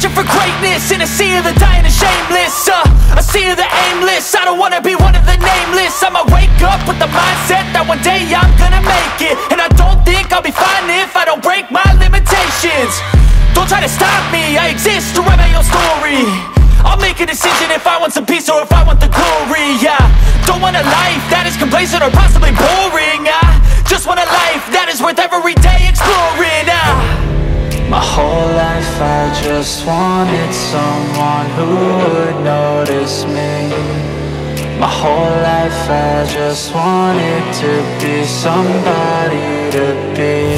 searching for greatness In a sea of the dying and shameless uh, A sea of the aimless I don't wanna be one of the nameless I'ma wake up with the mindset That one day I'm gonna make it And I don't think I'll be fine if I don't break my limitations Don't try to stop me I exist to write my own story I'll make a decision if I want some peace Or if I want the glory, yeah Don't want a life that is complacent or possibly boring I just want a life that is worth I just wanted someone who would notice me My whole life I just wanted to be somebody to be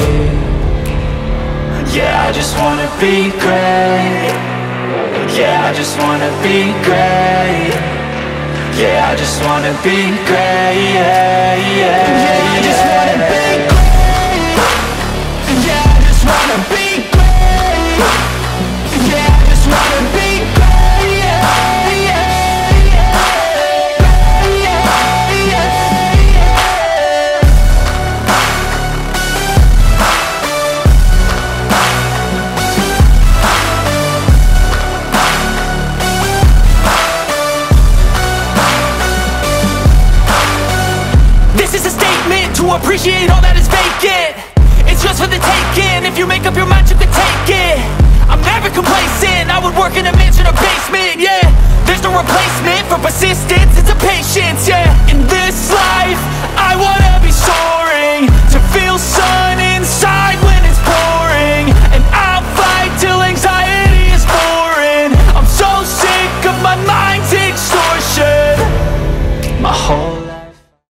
Yeah, I just wanna be great Yeah, I just wanna be great Yeah, I just wanna be great Yeah, yeah, yeah I just wanna be great Yeah, I just wanna be Appreciate all that is vacant It's just for the taking If you make up your mind, you can take it I'm never complacent I would work in a mansion or basement, yeah There's no replacement for persistence It's a patience, yeah